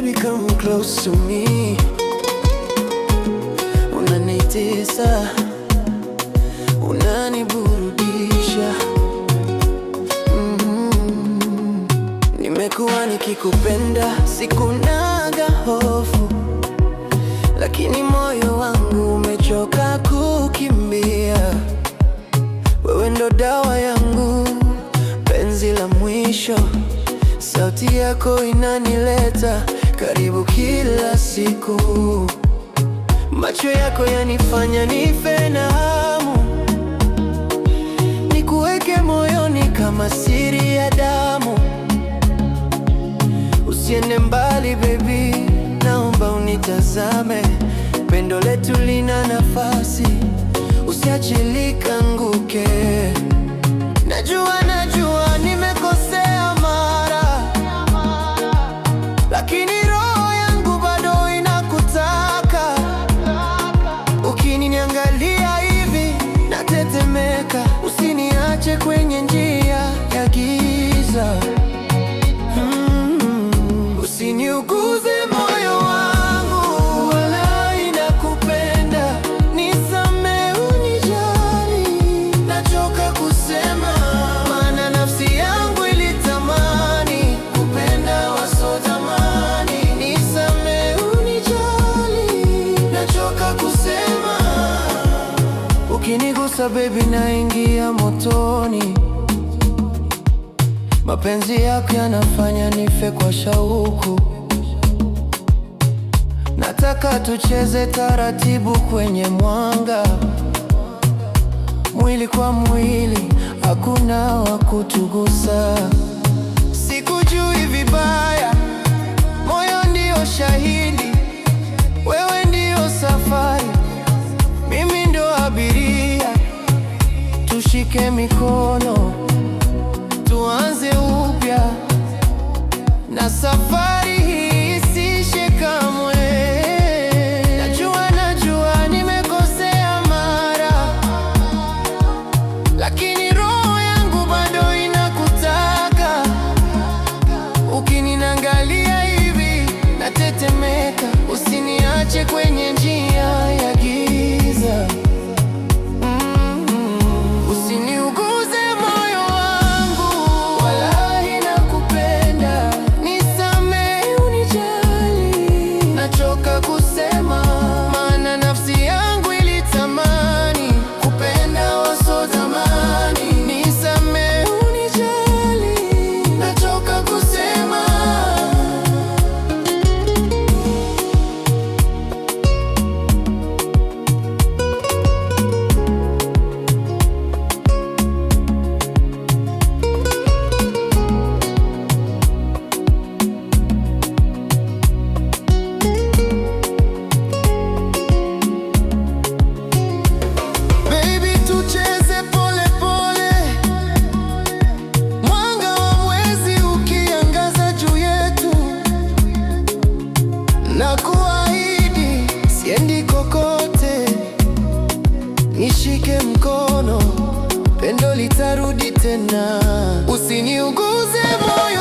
Baby come close to me, unanitesa, unaniburudisha mm -hmm. Nimekuwa nikikupenda sikunaga hofu, lakini moyo wangu umechoka kukimbia. Wewe ndo dawa yangu, penzi la mwisho, sauti yako inanileta karibu kila siku. Macho yako yanifanya nife na hamu, nikuweke moyoni kama siri ya damu. Usiende mbali baby, naomba unitazame, pendo letu lina nafasi, usiache likanguke. Najua, najua kwenye Ukinigusa baby, naingia motoni, mapenzi yako yanafanya nife kwa shauku. Nataka tucheze taratibu kwenye mwanga, mwili kwa mwili, hakuna wa kutugusa. Sikujui vibaya Tushike mikono tuanze upya na safari nakuahidi siendi kokote, nishike mkono, pendo litarudi tena, usiniuguze moyo.